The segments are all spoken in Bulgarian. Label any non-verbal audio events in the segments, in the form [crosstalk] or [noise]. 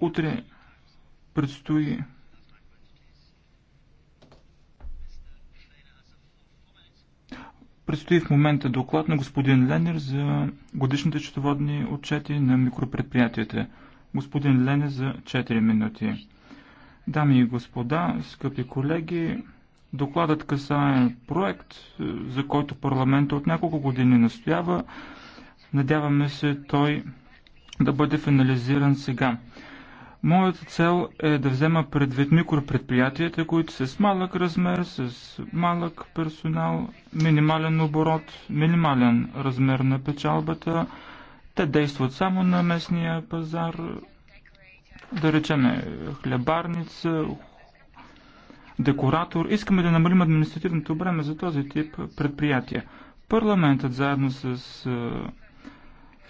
Утре предстои Предстои в момента доклад на господин Ленер за годишните счетоводни отчети на микропредприятията. Господин Ленер за 4 минути. Дами и господа, скъпи колеги, докладът касае проект, за който парламента от няколко години настоява. Надяваме се той да бъде финализиран сега. Моята цел е да взема предвид микропредприятията, които са с малък размер, с малък персонал, минимален оборот, минимален размер на печалбата. Те действат само на местния пазар, да речем хлебарница, декоратор. Искаме да намалим административното бреме за този тип предприятия. Парламентът заедно с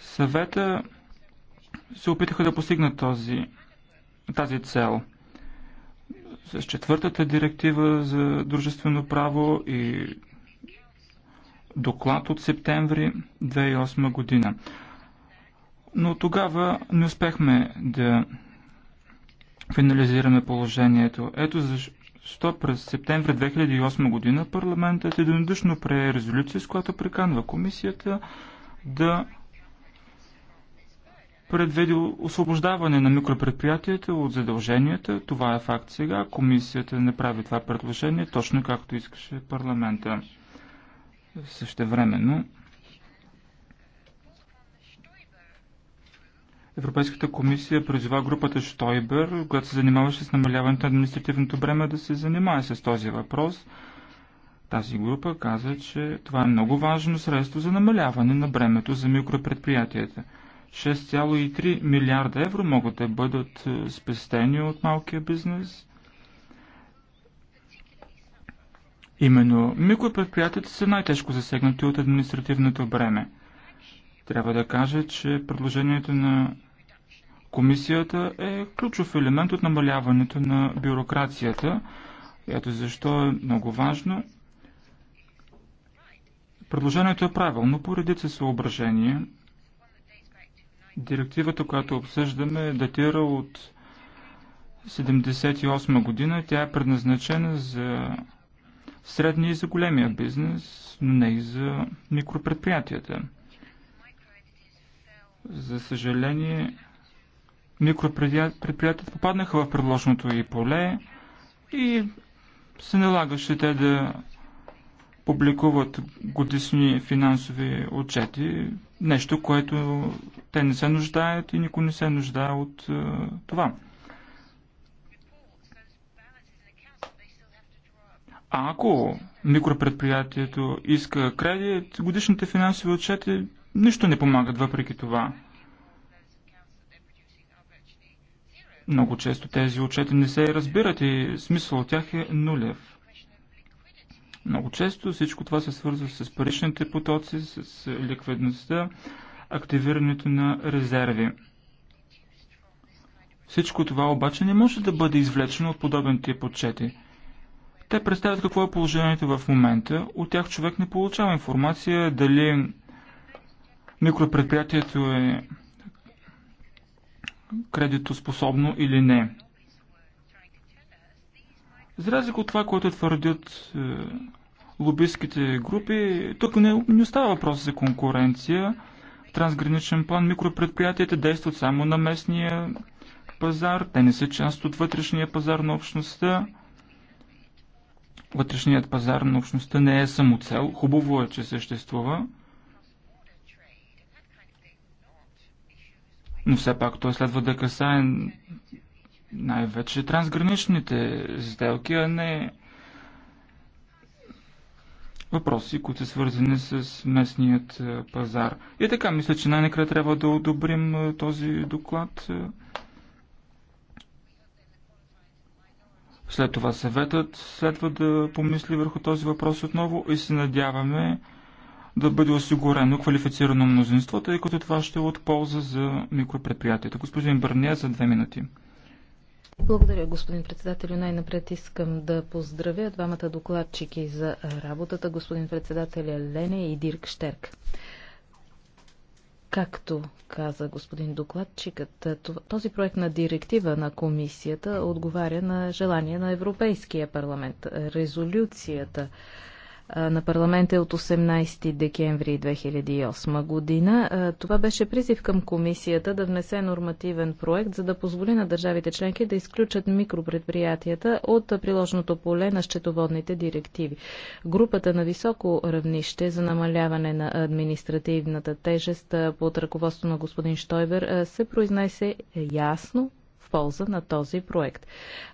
съвета се опитаха да постигнат този тази цел. С четвъртата директива за дружествено право и доклад от септември 2008 година. Но тогава не успехме да финализираме положението. Ето защо през септември 2008 година парламентът единодушно прие резолюция, с която приканва комисията да предвиди освобождаване на микропредприятията от задълженията. Това е факт сега. Комисията не прави това предложение, точно както искаше парламента. Същевременно Европейската комисия призова групата Штойбер, която се занимаваше с намаляването на административното бреме, да се занимае с този въпрос. Тази група каза, че това е много важно средство за намаляване на бремето за микропредприятията – 6,3 милиарда евро могат да бъдат е, спестени от малкия бизнес. Именно микропредприятията са най-тежко засегнати от административното бреме. Трябва да кажа, че предложението на комисията е ключов елемент от намаляването на бюрокрацията. Ето защо е много важно. Предложението е правилно по редица съображения – Директивата, която обсъждаме, датира от 1978 година. Тя е предназначена за средния и за големия бизнес, но не и за микропредприятията. За съжаление, микропредприятията попаднаха в предложеното и поле и се налагаше те да публикуват годишни финансови отчети Нещо, което те не се нуждаят и никой не се нуждае от е, това. А ако микропредприятието иска кредит, годишните финансови отчети нищо не помагат въпреки това. Много често тези отчети не се разбират и смисъл от тях е нулев. Много често всичко това се свързва с паричните потоци, с ликвидността, активирането на резерви. Всичко това обаче не може да бъде извлечено от подобен тип отчети. Те представят какво е положението в момента. От тях човек не получава информация дали микропредприятието е кредитоспособно или не. За разлика от това, което твърдят е, лобистските групи. Тук не, не става въпрос за конкуренция. В трансграничен план микропредприятията действат само на местния пазар. Те не са част от вътрешния пазар на общността. Вътрешният пазар на общността не е само цел. Хубаво е, че съществува. Но все пак той следва да касае най-вече трансграничните сделки, а не въпроси, които са свързани с местният е, пазар. И така, мисля, че най-накрая трябва да одобрим е, този доклад. След това съветът следва да помисли върху този въпрос отново и се надяваме да бъде осигурено квалифицирано мнозинство, тъй като това ще е от полза за микропредприятията. Господин Бърния за две минути. Благодаря, господин председател. Най-напред искам да поздравя двамата докладчики за работата, господин председател Лене и Дирк Штерк. Както каза господин докладчикът, този проект на директива на комисията отговаря на желание на Европейския парламент. Резолюцията на парламента е от 18 декември 2008 година. Това беше призив към комисията да внесе нормативен проект, за да позволи на държавите членки да изключат микропредприятията от приложното поле на счетоводните директиви. Групата на високо равнище за намаляване на административната тежест под ръководство на господин Штойбер се произнесе ясно полза на този проект.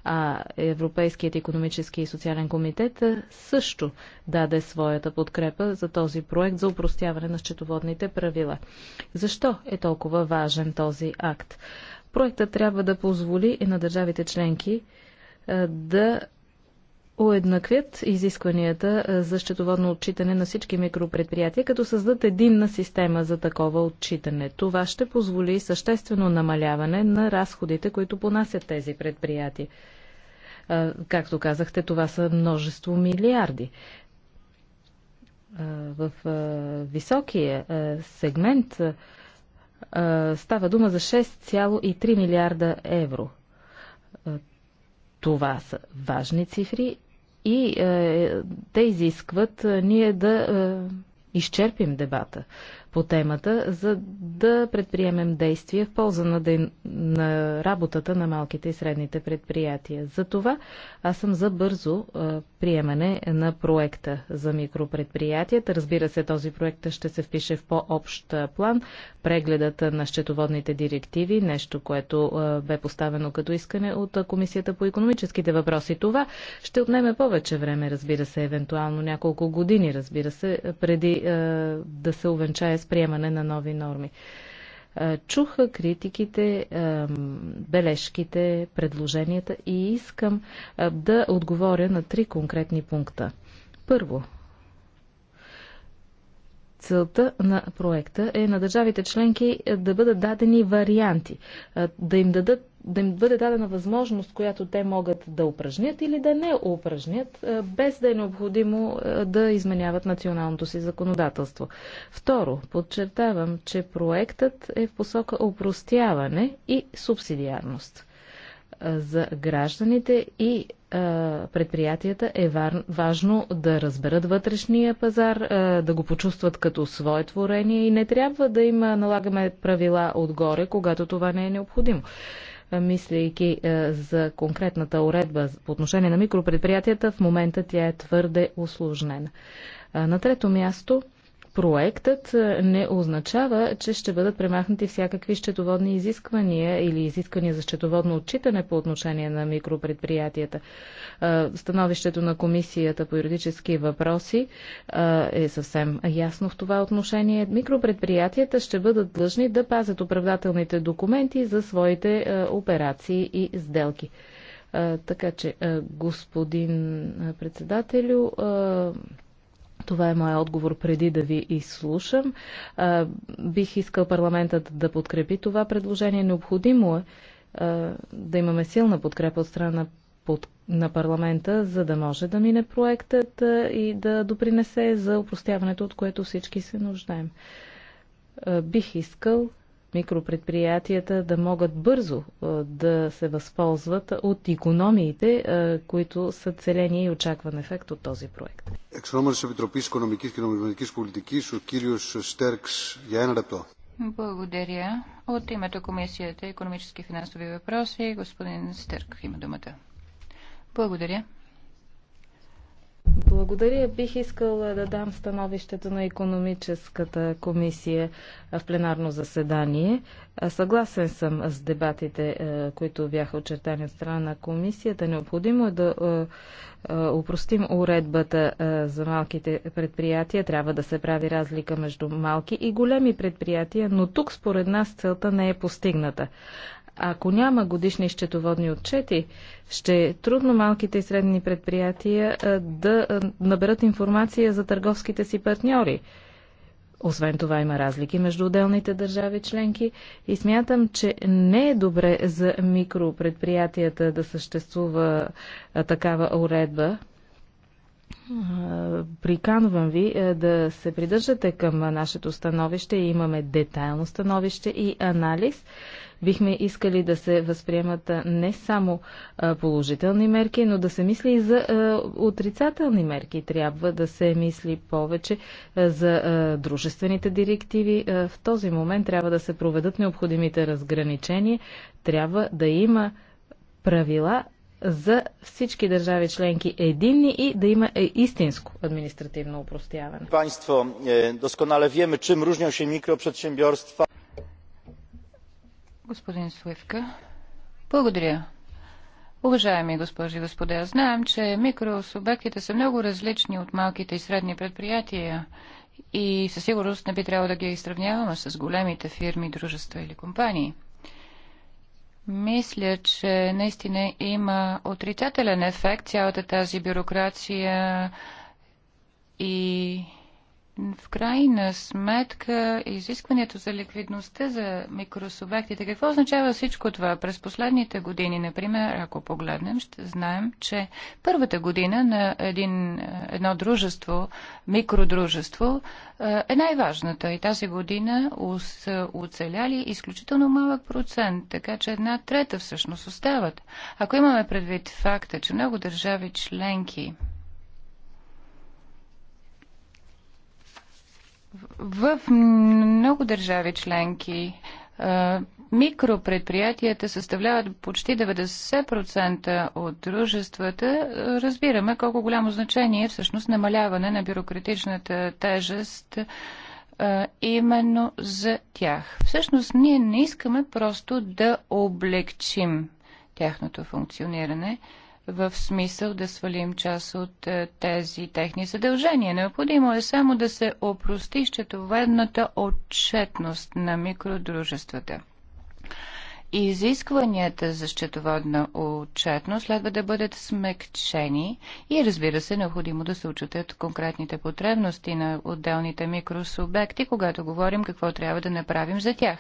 А Европейският економически и социален комитет също даде своята подкрепа за този проект за упростяване на счетоводните правила. Защо е толкова важен този акт? Проектът трябва да позволи и на държавите членки да уеднаквят изискванията за счетоводно отчитане на всички микропредприятия, като създадат единна система за такова отчитане. Това ще позволи съществено намаляване на разходите, които понасят тези предприятия. Както казахте, това са множество милиарди. В високия сегмент става дума за 6,3 милиарда евро. Това са важни цифри и е, те изискват е, ние да е, изчерпим дебата по темата, за да предприемем действия в полза на, ден... на работата на малките и средните предприятия. За това аз съм за бързо а, приемане на проекта за микропредприятията. Разбира се, този проект ще се впише в по-общ план. Прегледът на счетоводните директиви, нещо, което а, бе поставено като искане от Комисията по економическите въпроси. Това ще отнеме повече време, разбира се, евентуално няколко години, разбира се, преди а, да се увенчае приемане на нови норми. Чуха критиките, бележките, предложенията и искам да отговоря на три конкретни пункта. Първо, Целта на проекта е на държавите членки да бъдат дадени варианти, да им дадат да им бъде дадена възможност, която те могат да упражнят или да не упражнят, е, без да е необходимо е, да изменяват националното си законодателство. Второ, подчертавам, че проектът е в посока опростяване и субсидиарност. Е, за гражданите и предприятията е важно да разберат вътрешния пазар, да го почувстват като свое творение и не трябва да им налагаме правила отгоре, когато това не е необходимо мислейки е, за конкретната уредба по отношение на микропредприятията, в момента тя е твърде осложнена. Е, на трето място проектът не означава, че ще бъдат премахнати всякакви счетоводни изисквания или изисквания за счетоводно отчитане по отношение на микропредприятията. Становището на Комисията по юридически въпроси е съвсем ясно в това отношение. Микропредприятията ще бъдат длъжни да пазят оправдателните документи за своите операции и сделки. Така че, господин председателю, това е моят отговор преди да ви изслушам. А, бих искал парламентът да подкрепи това предложение. Необходимо е а, да имаме силна подкрепа от страна под, на парламента, за да може да мине проектът а, и да допринесе за упростяването, от което всички се нуждаем. А, бих искал микропредприятията да могат бързо да се възползват от економиите, които са целени и очакван ефект от този проект. Благодаря. От името Комисията економически и финансови въпроси, господин Стерк има думата. Благодаря. Благодаря. Бих искала да дам становището на економическата комисия в пленарно заседание. Съгласен съм с дебатите, които бяха очертани от страна на комисията. Необходимо е да упростим уредбата за малките предприятия. Трябва да се прави разлика между малки и големи предприятия, но тук според нас целта не е постигната. Ако няма годишни счетоводни отчети, ще е трудно малките и средни предприятия да наберат информация за търговските си партньори. Освен това има разлики между отделните държави членки и смятам, че не е добре за микропредприятията да съществува такава уредба, Приканвам ви е, да се придържате към нашето становище. Имаме детайлно становище и анализ. Бихме искали да се възприемат не само положителни мерки, но да се мисли и за отрицателни мерки. Трябва да се мисли повече за дружествените директиви. В този момент трябва да се проведат необходимите разграничения. Трябва да има правила за всички държави членки единни и да има е истинско административно упростяване. Państwo е, doskonale wiemy czym różnią się mikroprzedsiębiorstwa. Господин Суевка, благодаря. Уважаеми госпожи и господа, знаем, че микросубектите са много различни от малките и средни предприятия и със сигурност не би трябвало да ги сравняваме с големите фирми, дружества или компании. Мисля, че наистина има отрицателен ефект цялата тази бюрокрация и в крайна сметка изискването за ликвидността за микросубектите, какво означава всичко това? През последните години, например, ако погледнем, ще знаем, че първата година на един, едно дружество, микродружество, е, е най-важната и тази година са оцеляли изключително малък процент, така че една трета всъщност остават. Ако имаме предвид факта, че много държави членки В много държави членки микропредприятията съставляват почти 90% от дружествата. Разбираме колко голямо значение е всъщност намаляване на бюрократичната тежест именно за тях. Всъщност ние не искаме просто да облегчим тяхното функциониране, в смисъл да свалим част от е, тези техни задължения. Необходимо е само да се опрости счетоведната отчетност на микродружествата изискванията за счетоводна отчетност следва да бъдат смекчени и разбира се, необходимо да се очутят конкретните потребности на отделните микросубекти, когато говорим какво трябва да направим за тях.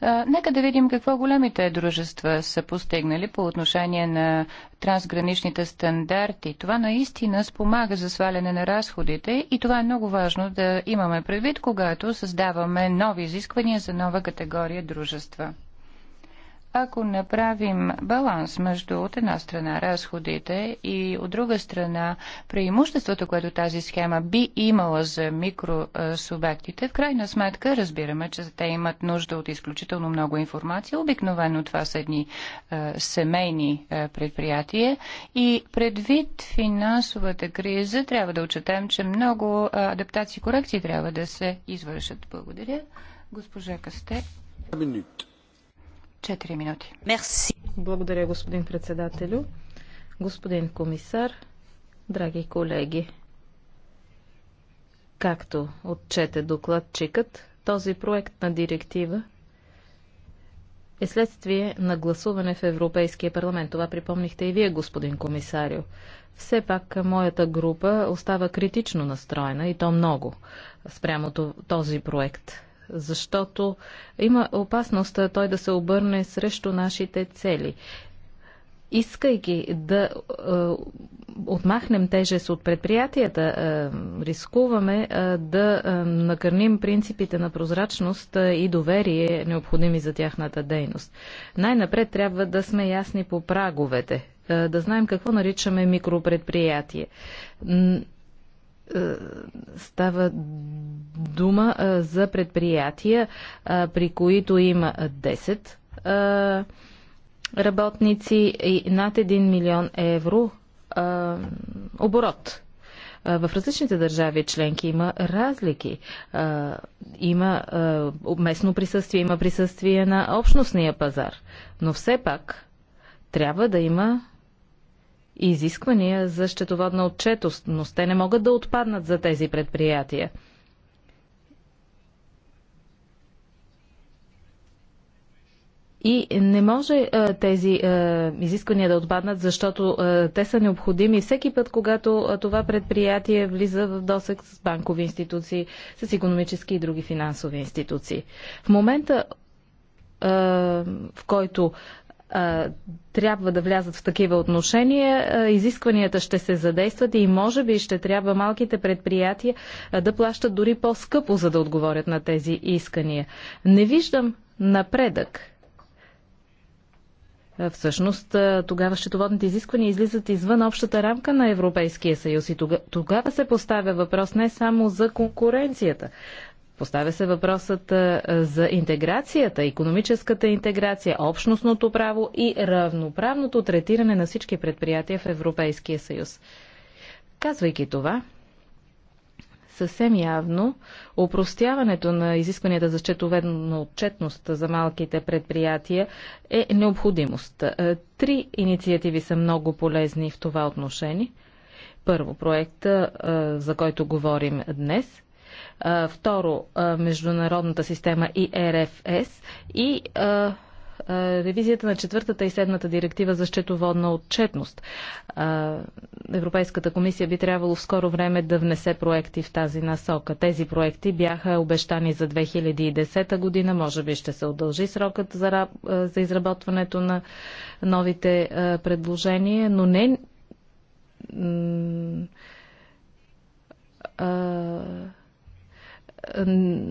А, нека да видим какво големите дружества са постигнали по отношение на трансграничните стандарти. Това наистина спомага за сваляне на разходите и това е много важно да имаме предвид, когато създаваме нови изисквания за нова категория дружества. Ако направим баланс между от една страна разходите и от друга страна преимуществото, което тази схема би имала за микросубектите, в крайна сметка разбираме, че те имат нужда от изключително много информация. Обикновено това са едни е, семейни е, предприятия и предвид финансовата криза трябва да отчетем, че много е, адаптации и корекции трябва да се извършат. Благодаря. Госпожа Касте. Минут. 4 минути. Мерси. Благодаря, господин председателю. Господин комисар, драги колеги, както отчете докладчикът, този проект на директива е следствие на гласуване в Европейския парламент. Това припомнихте и вие, господин комисарио. Все пак моята група остава критично настроена и то много спрямо този проект защото има опасност той да се обърне срещу нашите цели. Искайки да е, отмахнем тежест от предприятията, е, рискуваме е, да е, накърним принципите на прозрачност е, и доверие, необходими за тяхната дейност. Най-напред трябва да сме ясни по праговете, е, да знаем какво наричаме микропредприятие е, става дума е, за предприятия, е, при които има 10 работници и над 1 милион евро оборот. В различните държави членки има разлики. Има местно присъствие, има присъствие на общностния пазар. Но все пак трябва да има изисквания за счетоводна отчетост, но те не могат да отпаднат за тези предприятия. И не може а, е, тези а, е, изисквания да отпаднат, защото а, е, те са необходими всеки път, когато а, това предприятие влиза в досек с банкови институции, с економически и други финансови институции. В момента в който трябва да влязат в такива отношения, изискванията ще се задействат и може би ще трябва малките предприятия да плащат дори по-скъпо, за да отговорят на тези искания. Не виждам напредък. Всъщност, тогава счетоводните изисквания излизат извън общата рамка на Европейския съюз и тогава се поставя въпрос не само за конкуренцията, Поставя се въпросът за интеграцията, економическата интеграция, общностното право и равноправното третиране на всички предприятия в Европейския съюз. Казвайки това, съвсем явно упростяването на изискванията за счетоведна отчетност за малките предприятия е необходимост. Три инициативи са много полезни в това отношение. Първо, проекта, за който говорим днес – Второ, международната система ИРФС и е ревизията на четвъртата и седмата директива за счетоводна отчетност. Европейската комисия би трябвало в скоро време да внесе проекти в тази насока. Тези проекти бяха обещани за 2010 година. Може би ще се удължи срокът за, за изработването на новите предложения, но не. А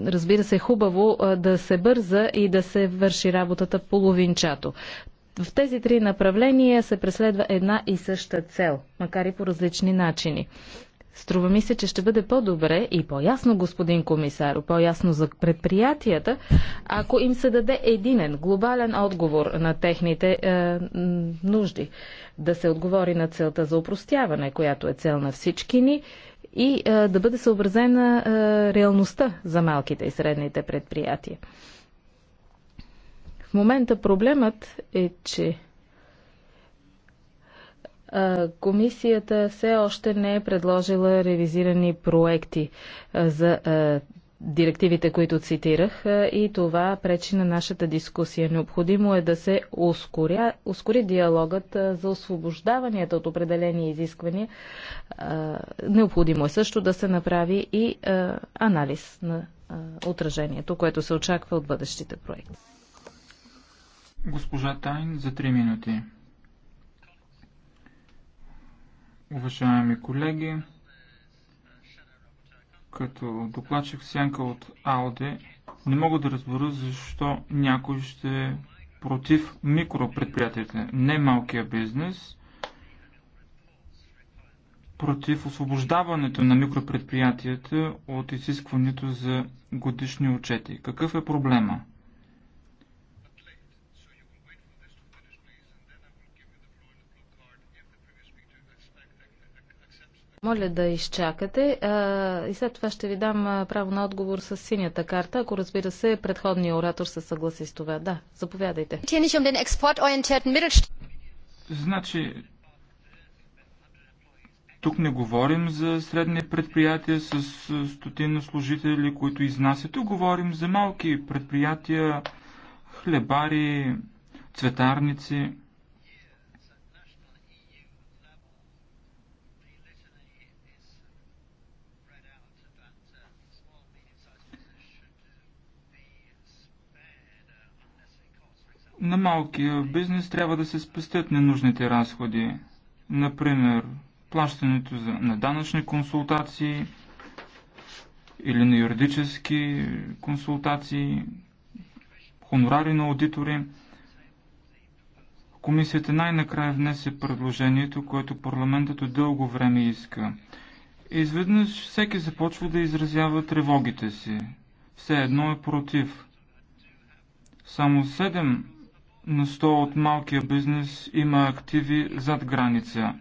разбира се, хубаво да се бърза и да се върши работата половинчато. В тези три направления се преследва една и съща цел, макар и по различни начини. Струва ми се, че ще бъде по-добре и по-ясно, господин комисар, по-ясно за предприятията, ако им се даде единен, глобален отговор на техните е, нужди. Да се отговори на целта за упростяване, която е цел на всички ни и а, е, да бъде съобразена а, е, реалността за малките и средните предприятия. В момента проблемът е, че а, е, комисията все още не е предложила ревизирани проекти а, за а, директивите, които цитирах, и това пречи на нашата дискусия. Необходимо е да се ускоря, ускори диалогът за освобождаванията от определени изисквания. Необходимо е също да се направи и анализ на отражението, което се очаква от бъдещите проекти. Госпожа Тайн за 3 минути. Уважаеми колеги, като докладчик сянка от АОДЕ, не мога да разбера защо някой ще е против микропредприятията, не малкия бизнес, против освобождаването на микропредприятията от изискването за годишни отчети. Какъв е проблема? Моля да изчакате а, и след това ще ви дам право на отговор с синята карта, ако разбира се предходният оратор се съгласи с това. Да, заповядайте. Значи, тук не говорим за средни предприятия с стотина служители, които изнасят. Тук говорим за малки предприятия, хлебари, цветарници. На малкия бизнес трябва да се спестят ненужните разходи. Например, плащането за, на данъчни консултации или на юридически консултации, хонорари на аудитори. Комисията най-накрая внесе предложението, което парламентът от дълго време иска. Изведнъж всеки започва да изразява тревогите си. Все едно е против. Само седем на 100 от малкия бизнес има активи зад граница.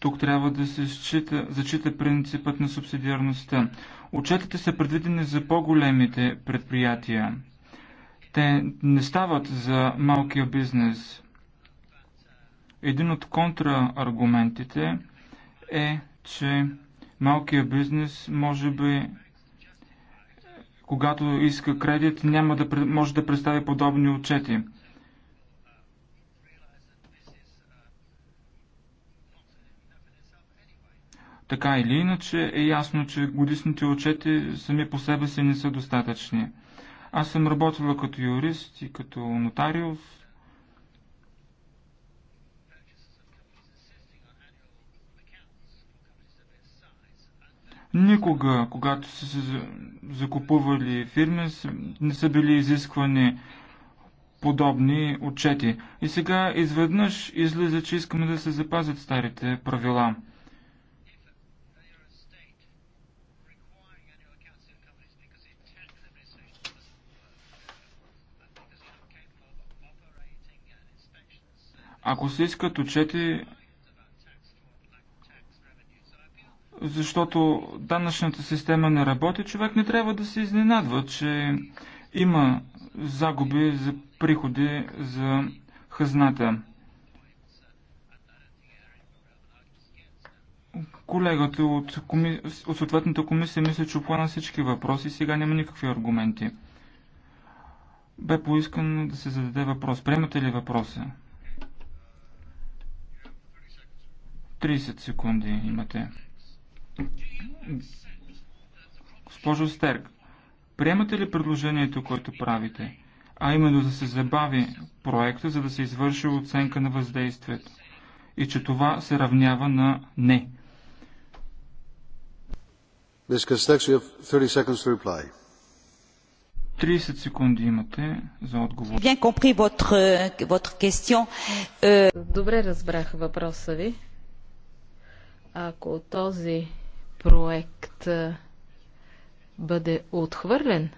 Тук трябва да се счита, зачита принципът на субсидиарността. Отчетите са предвидени за по-големите предприятия. Те не стават за малкия бизнес. Един от контрааргументите е, че малкия бизнес може би когато иска кредит, няма да може да представи подобни отчети. Така или иначе е ясно, че годишните отчети сами по себе си не са достатъчни. Аз съм работила като юрист и като нотариус Никога, когато са се закупували фирми, не са били изисквани подобни отчети. И сега изведнъж излиза, че искаме да се запазят старите правила. Ако се искат отчети, защото данъчната система не работи, човек не трябва да се изненадва, че има загуби за приходи за хазната. Колегата от, коми... от съответната комисия мисля, че оплана всички въпроси и сега няма никакви аргументи. Бе поискано да се зададе въпрос. Приемате ли въпроса? 30 секунди имате. Госпожо Стерк, приемате ли предложението, което правите, а именно да се забави проекта, за да се извърши оценка на въздействието и че това се равнява на не? Ms. Castex, you have 30 seconds to reply. 30 секунди имате за отговор. Добре разбрах въпроса ви. Ако този проект бъде отхвърлен,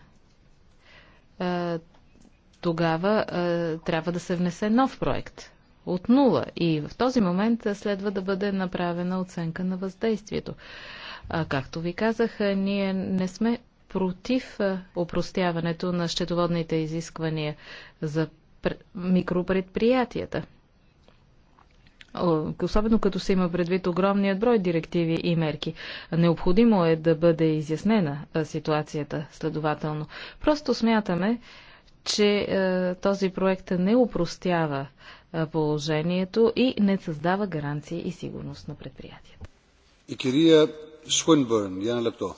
тогава трябва да се внесе нов проект от нула. И в този момент следва да бъде направена оценка на въздействието. Както ви казах, ние не сме против опростяването на щетоводните изисквания за микропредприятията особено като се има предвид огромният брой директиви и мерки. Необходимо е да бъде изяснена ситуацията, следователно. Просто смятаме, че е, този проект не упростява е, положението и не създава гаранции и сигурност на предприятията. И кирия Свинбърн, Яна Лепто.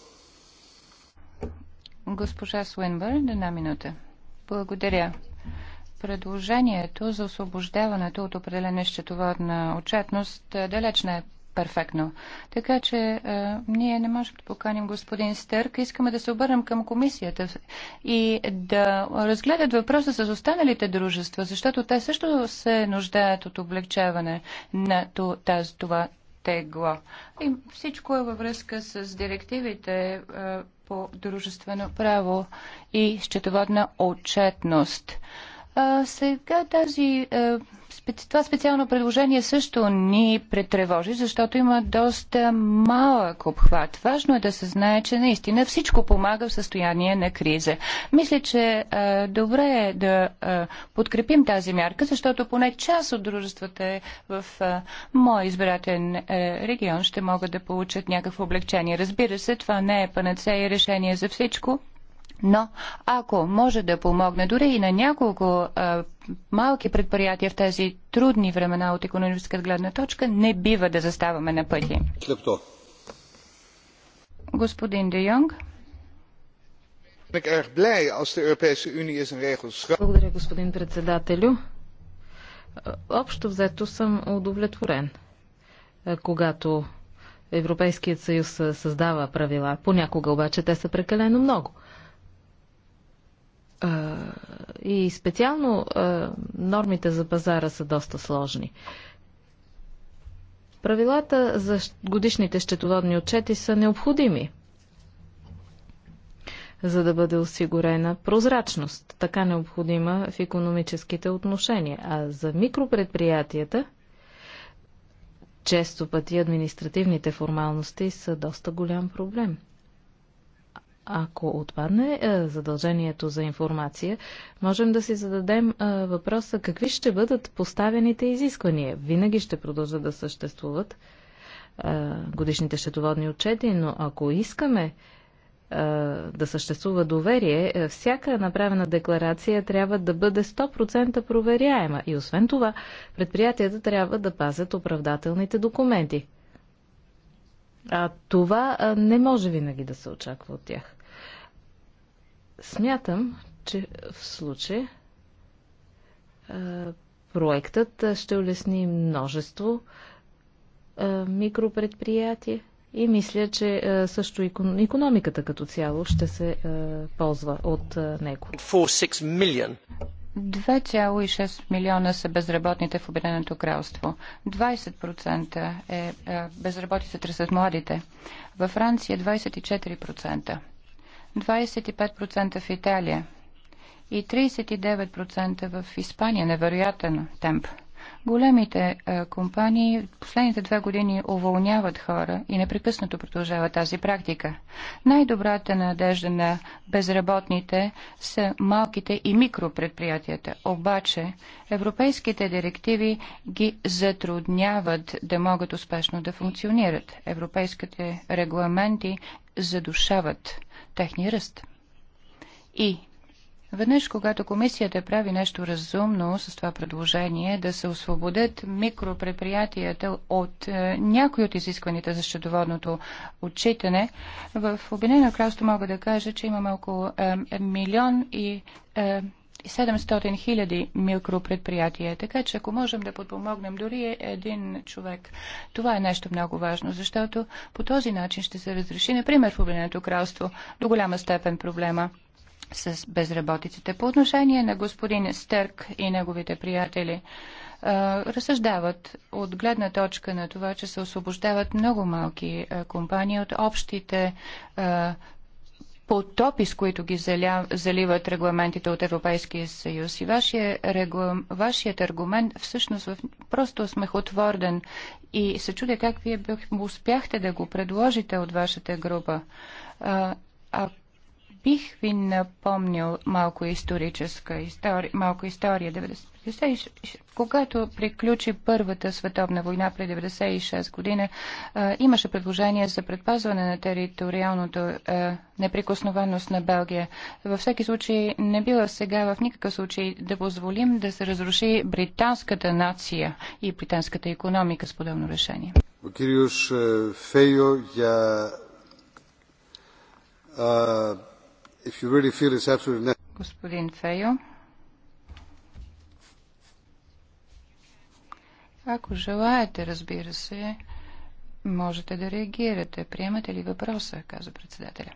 Госпожа Свинбърн, една минута. Благодаря предложението за освобождаването от определена счетоводна отчетност е, далеч не е перфектно. Така че е, ние не можем да поканим господин Стърк. Искаме да се обърнем към комисията и да разгледат въпроса с останалите дружества, защото те също се нуждаят от облегчаване на тази, това тегло. И всичко е във връзка с директивите е, по дружествено право и счетоводна отчетност. А, сега тази, а, това специално предложение също ни претревожи, защото има доста малък обхват. Важно е да се знае, че наистина всичко помага в състояние на криза. Мисля, че а, добре е да а, подкрепим тази мярка, защото поне част от дружествата е в а, мой избирателен е, регион ще могат да получат някакво облегчение. Разбира се, това не е панацея и решение за всичко, но ако може да помогне дори и на няколко а, малки предприятия в тези трудни времена от економическа гледна точка, не бива да заставаме на пъти. Лепто. Господин Де Йонг. Благодаря, господин председателю. Е, общо взето съм удовлетворен, е, когато Европейският съюз е, създава правила. Понякога обаче те са прекалено много – и специално нормите за пазара са доста сложни. Правилата за годишните счетоводни отчети са необходими, за да бъде осигурена прозрачност, така необходима в економическите отношения. А за микропредприятията, често пъти административните формалности са доста голям проблем. Ако отпадне е, задължението за информация, можем да си зададем е, въпроса какви ще бъдат поставените изисквания. Винаги ще продължат да съществуват е, годишните счетоводни отчети, но ако искаме да съществува доверие, всяка направена декларация трябва да бъде 100% проверяема. И освен това, предприятията трябва да пазят оправдателните документи. А това не може винаги да се очаква от тях. Смятам, че в случай проектът ще улесни множество микропредприятия и мисля, че също економиката като цяло ще се ползва от него. 2,6 милиона са безработните в Обединеното кралство. 20% е, е безработица сред младите. Във Франция 24%. 25% в Италия и 39% в Испания. Невероятен темп. Големите а, е, компании в последните две години уволняват хора и непрекъснато продължава тази практика. Най-добрата надежда на безработните са малките и микропредприятията. Обаче, европейските директиви ги затрудняват да могат успешно да функционират. Европейските регламенти задушават техния ръст. И Веднъж, когато комисията прави нещо разумно с това предложение да се освободят микропредприятията от е, някои от изискваните за счетоводното отчитане, в Обединено кралство мога да кажа, че имаме около е, милион и е, 700 хиляди микропредприятия. Така че ако можем да подпомогнем дори един човек, това е нещо много важно, защото по този начин ще се разреши, например, в Обединеното кралство до голяма степен проблема с безработиците. По отношение на господин Стърк и неговите приятели, разсъждават от гледна точка на това, че се освобождават много малки компании от общите потопи, с които ги заливат регламентите от Европейския съюз. И вашия, реглам, вашият аргумент всъщност просто смехотворен и се чудя как вие успяхте да го предложите от вашата група. А, Бих ви напомнил малко историческа история, малко история. когато приключи Първата световна война при 96 година, имаше предложение за предпазване на териториалното е, неприкосновеност на Белгия. Във всеки случай не била сега в никакъв случай да позволим да се разруши британската нация и британската економика с подобно решение. Кириуш е, Фейо, я... Господин Фейо, ако желаете, разбира се, можете да реагирате. Приемате ли въпроса, каза председателя.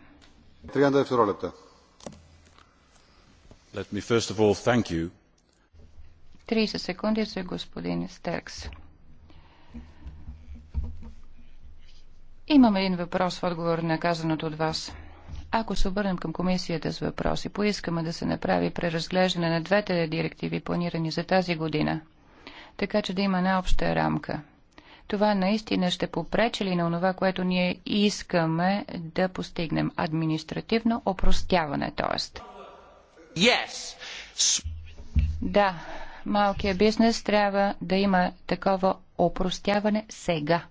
Трябва да е в ролята. Let me first of all thank you. 30 секунди за господин Стеркс. Имам един въпрос в отговор на казаното от вас. Ако се обърнем към комисията с въпроси, поискаме да се направи преразглеждане на двете директиви, планирани за тази година, така че да има една обща рамка. Това наистина ще попречи ли на това, което ние искаме да постигнем административно опростяване, т.е. Yes. Да, малкият бизнес трябва да има такова опростяване сега.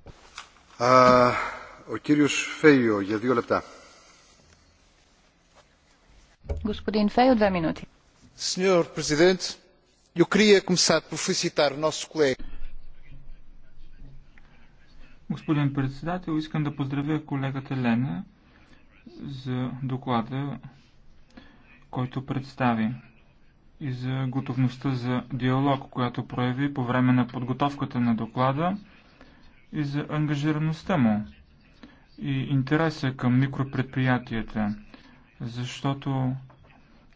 Uh, о, Фейо, за две лепта. Господин Фейо, две минути. Senhor Presidente, eu queria começar por felicitar o nosso colega. Господин председател, искам да поздравя колегата Лена за доклада, който представи и за готовността за диалог, която прояви по време на подготовката на доклада и за ангажираността му и интереса към микропредприятията защото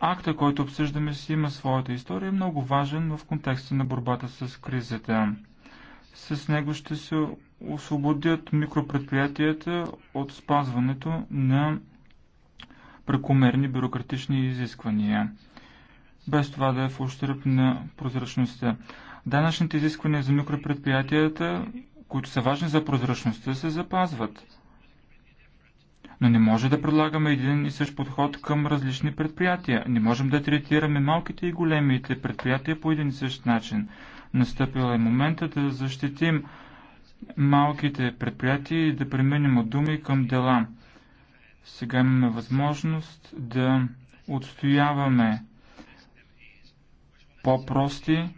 акта, който обсъждаме си, има своята история, е много важен в контекста на борбата с кризата. С него ще се освободят микропредприятията от спазването на прекомерни бюрократични изисквания, без това да е в ущърп на прозрачността. Данъчните изисквания за микропредприятията, които са важни за прозрачността, се запазват. Но не може да предлагаме един и същ подход към различни предприятия. Не можем да третираме малките и големите предприятия по един и същ начин. Настъпил е момента да защитим малките предприятия и да преминем от думи към дела. Сега имаме възможност да отстояваме по-прости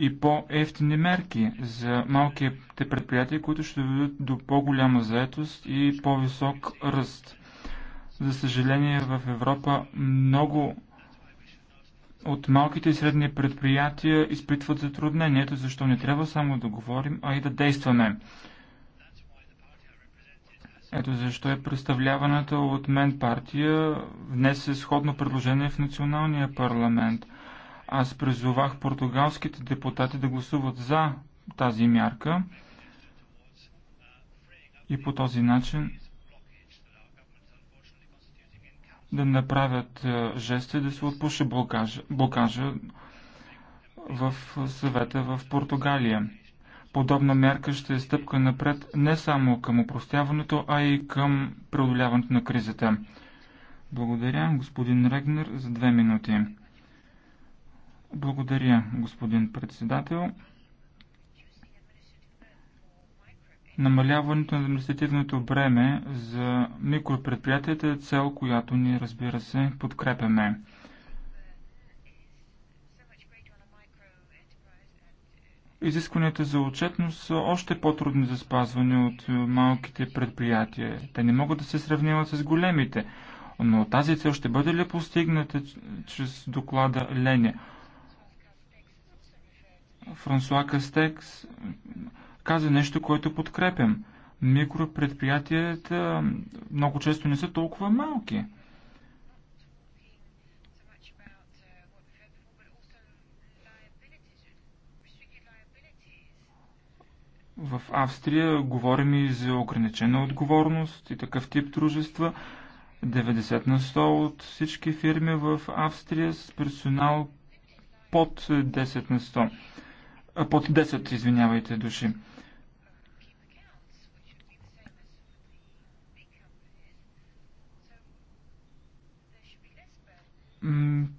и по-ефтини мерки за малките предприятия, които ще доведат до по-голяма заетост и по-висок ръст. За съжаление, в Европа много от малките и средни предприятия изпитват затруднението. защо не трябва само да говорим, а и да действаме. Ето защо е представляваната от мен партия внесе сходно предложение в националния парламент – аз призовах португалските депутати да гласуват за тази мярка и по този начин да направят е, жест и да се отпуши блокажа, в съвета в Португалия. Подобна мярка ще е стъпка напред не само към упростяването, а и към преодоляването на кризата. Благодаря, господин Регнер, за две минути. Благодаря, господин председател. Намаляването на административното бреме за микропредприятията е цел, която ние, разбира се, подкрепяме. Изискванията за отчетност са още по-трудни за спазване от малките предприятия. Те не могат да се сравняват с големите, но тази цел ще бъде ли постигната чрез доклада Лене? Франсуа Кастекс каза нещо, което подкрепям. Микропредприятията много често не са толкова малки. В Австрия говорим и за ограничена отговорност и такъв тип дружества. 90 на 100 от всички фирми в Австрия с персонал под 10 на 100 а, под 10, извинявайте, души.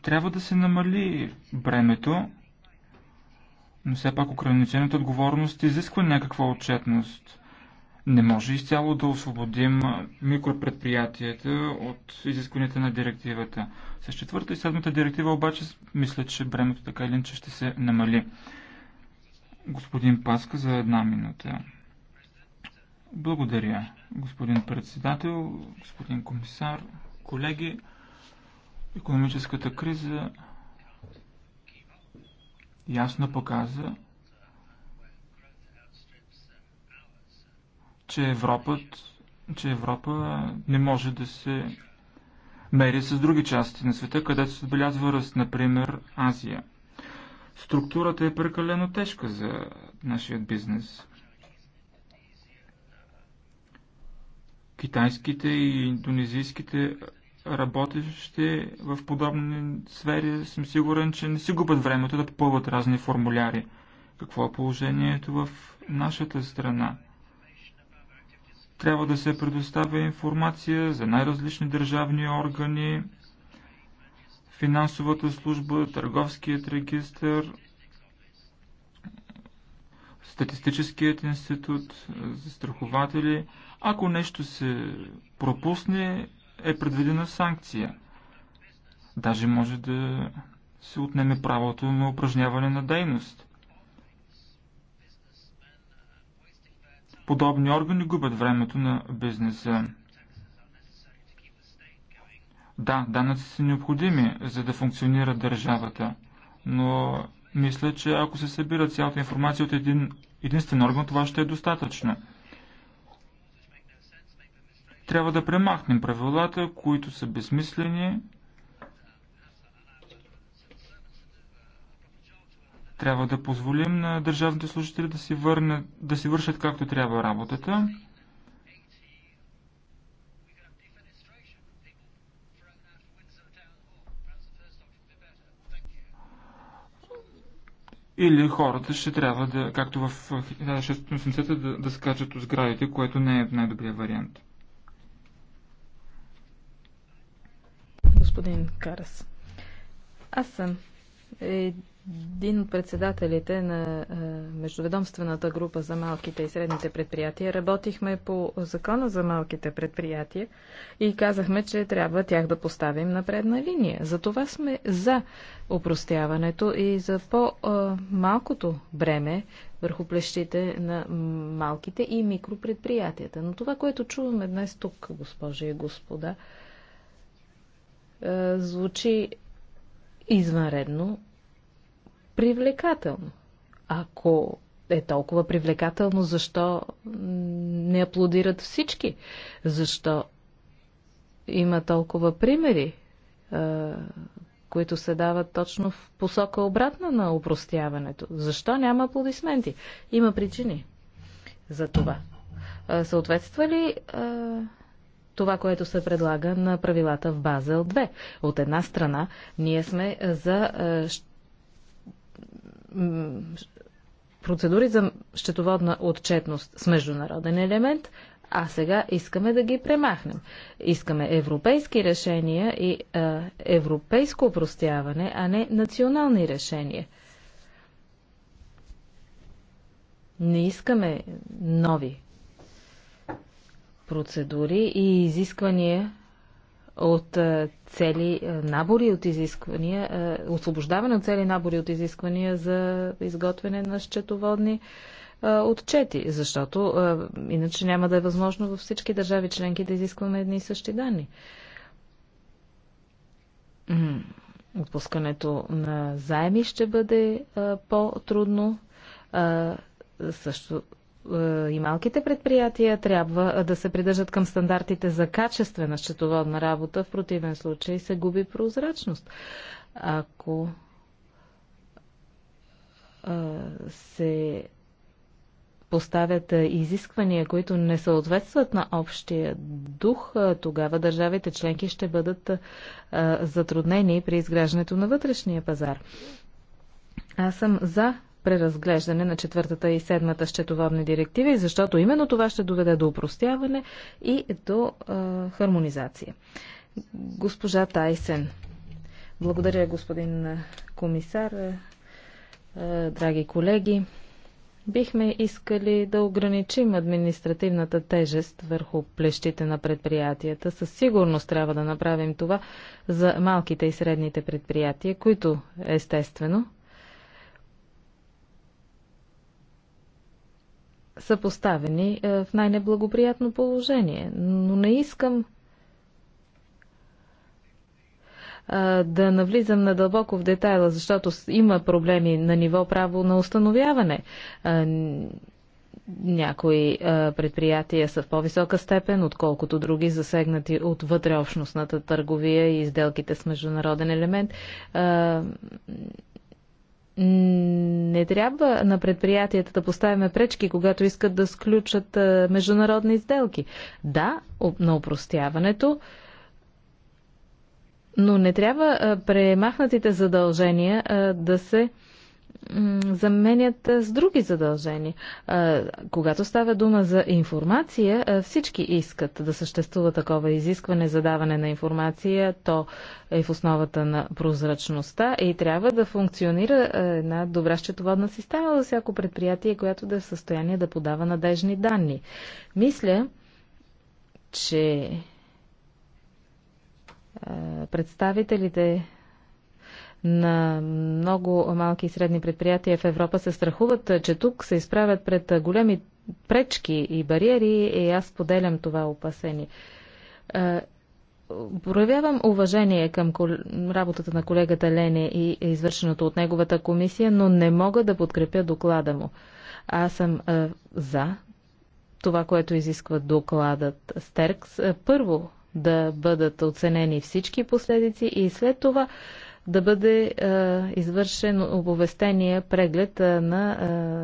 Трябва да се намали бремето, но все пак ограничената отговорност изисква някаква отчетност. Не може изцяло да освободим микропредприятията от изискванията на директивата. С четвърта и седмата директива обаче мисля, че бремето така или иначе ще се намали. Господин Паска за една минута. Благодаря, господин председател, господин комисар, колеги. Економическата криза ясно показа, че, Европа, че Европа не може да се мери с други части на света, където се отбелязва ръст, например Азия. Структурата е прекалено тежка за нашия бизнес. Китайските и индонезийските работещи в подобни сфери съм сигурен, че не си губят времето да попълват разни формуляри. Какво е положението в нашата страна? Трябва да се предоставя информация за най-различни държавни органи, финансовата служба, търговският регистр, статистическият институт, застрахователи. Ако нещо се пропусне, е предвидена санкция. Даже може да се отнеме правото на упражняване на дейност. Подобни органи губят времето на бизнеса. Да, данъци са необходими, за да функционира държавата, но мисля, че ако се събира цялата информация от един единствен орган, това ще е достатъчно. Трябва да премахнем правилата, които са безмислени, Трябва да позволим на държавните служители да си, върнат, да си вършат както трябва работата. Или хората ще трябва да, както в 1680 да, да скачат от сградите, което не е най-добрият вариант. Господин Карас, аз съм един от председателите на Междуведомствената група за малките и средните предприятия работихме по закона за малките предприятия и казахме, че трябва тях да поставим на предна линия. За това сме за упростяването и за по-малкото бреме върху плещите на малките и микропредприятията. Но това, което чуваме днес тук, госпожи и господа, звучи извънредно привлекателно. Ако е толкова привлекателно, защо не аплодират всички? Защо има толкова примери, които се дават точно в посока обратна на упростяването? Защо няма аплодисменти? Има причини за това. Съответства ли това, което се предлага на правилата в Базел 2. От една страна, ние сме за процедури за счетоводна отчетност с международен елемент, а сега искаме да ги премахнем. Искаме европейски решения и а, европейско упростяване, а не национални решения. Не искаме нови процедури и изисквания от цели набори от изисквания, освобождаване от цели набори от изисквания за изготвяне на счетоводни отчети, защото иначе няма да е възможно във всички държави членки да изискваме едни и същи данни. Отпускането на заеми ще бъде по-трудно. Също е, и малките предприятия трябва е, да се придържат към стандартите за качествена счетоводна работа. В противен случай се губи прозрачност. Ако е, се поставят изисквания, които не съответстват на общия дух, тогава държавите членки ще бъдат затруднени при изграждането на вътрешния пазар. Аз съм за преразглеждане на четвъртата и седмата счетоводни директиви, защото именно това ще доведе до упростяване и до а, хармонизация. Госпожа Тайсен. Благодаря, господин комисар, драги колеги. Бихме искали да ограничим административната тежест върху плещите на предприятията. Със сигурност трябва да направим това за малките и средните предприятия, които естествено са поставени е, в най-неблагоприятно положение. Но не искам е, да навлизам надълбоко в детайла, защото има проблеми на ниво право на установяване. Е, някои предприятия са в по-висока степен, отколкото други засегнати от вътреобщностната търговия и изделките с международен елемент не трябва на предприятията да поставяме пречки, когато искат да сключат международни сделки. Да, на упростяването, но не трябва премахнатите задължения да се заменят с други задължения. Когато става дума за информация, всички искат да съществува такова изискване за даване на информация. То е в основата на прозрачността и трябва да функционира една добра счетоводна система за всяко предприятие, която да е в състояние да подава надежни данни. Мисля, че представителите на много малки и средни предприятия в Европа се страхуват, е, че тук се изправят пред е, големи пречки и бариери и аз поделям това опасение. Е, проявявам уважение към работата на колегата Лене и извършеното от неговата комисия, но не мога да подкрепя доклада му. Аз съм а, за това, което изисква докладът Стеркс. Първо да бъдат оценени всички последици и след това да бъде извършен оповестения преглед на